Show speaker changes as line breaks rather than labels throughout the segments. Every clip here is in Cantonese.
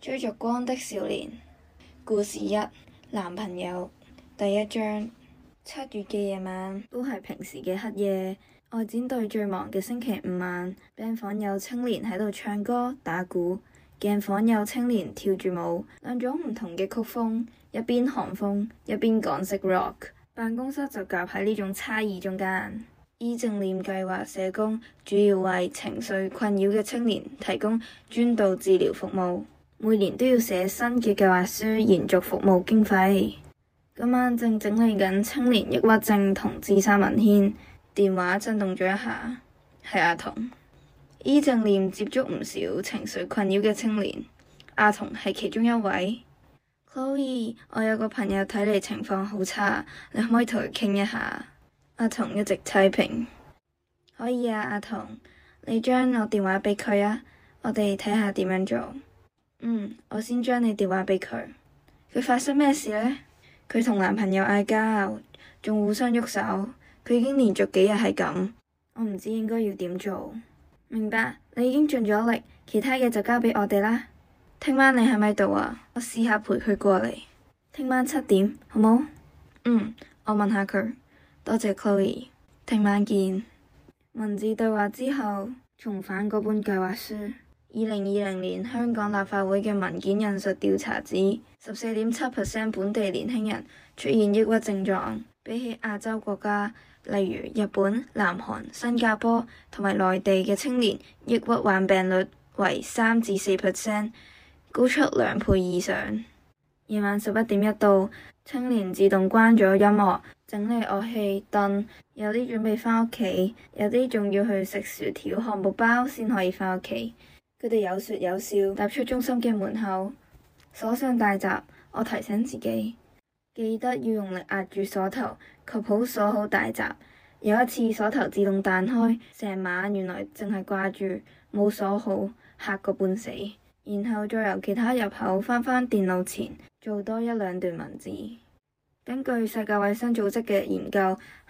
追逐光的少年。故事一，男朋友。第一章。七月嘅夜晚都係平時嘅黑夜，外展隊最忙嘅星期五晚。病房有青年喺度唱歌打鼓，鏡房有青年跳住舞，兩種唔同嘅曲風，一邊韓風，一邊港式 rock。辦公室就夾喺呢種差異中間。伊正念計劃社工主要為情緒困擾嘅青年提供專業治療服務。每年都要寫新嘅計劃書，延續服務經費。今晚正整理緊青年抑鬱症同自殺文獻，電話震動咗一下，係阿童。伊正念接觸唔少情緒困擾嘅青年，阿童係其中一位。Chloe，我有個朋友睇你情況好差，你可唔可以同佢傾一下？阿童一直差評，可以啊，阿童，你將我電話俾佢啊，我哋睇下點樣做。嗯，我先將你電話俾佢。佢發生咩事呢？佢同男朋友嗌交，仲互相喐手。佢已經連續幾日係咁，我唔知應該要點做。明白，你已經盡咗力，其他嘢就交俾我哋啦。聽晚你係咪度啊？我試下陪佢過嚟。聽晚七點，好冇？嗯，我問下佢。多謝 Chloe，聽晚見。文字對話之後，重返嗰本計劃書。二零二零年香港立法會嘅文件引述調查指，十四點七 percent 本地年輕人出現抑鬱症狀，比起亞洲國家例如日本、南韓、新加坡同埋內地嘅青年，抑鬱患病率為三至四 percent，高出兩倍以上。夜晚十一點一度，青年自動關咗音樂，整理樂器凳，有啲準備翻屋企，有啲仲要去食薯條、漢堡包先可以翻屋企。佢哋有說有笑，踏出中心嘅門口，鎖上大閘。我提醒自己，記得要用力壓住鎖頭，確保鎖好大閘。有一次鎖頭自動彈開，成晚原來淨係掛住冇鎖好，嚇個半死。然後再由其他入口翻返電腦前，做多一兩段文字。根據世界衛生組織嘅研究，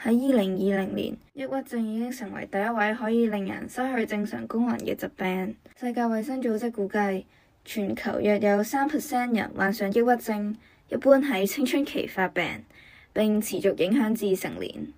喺二零二零年，抑鬱症已經成為第一位可以令人失去正常功能嘅疾病。世界衛生組織估計，全球約有三 percent 人患上抑鬱症，一般喺青春期發病，並持續影響至成年。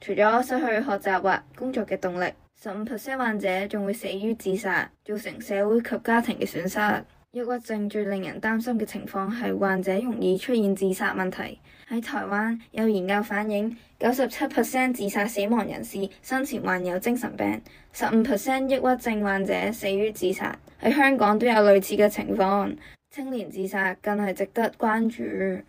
除咗失去學習或工作嘅動力，十五 percent 患者仲會死於自殺，造成社會及家庭嘅損失。抑鬱症最令人擔心嘅情況係患者容易出現自殺問題。喺台灣有研究反映，九十七 percent 自殺死亡人士生前患有精神病，十五 percent 抑鬱症患者死於自殺。喺香港都有類似嘅情況，青年自殺更係值得關注。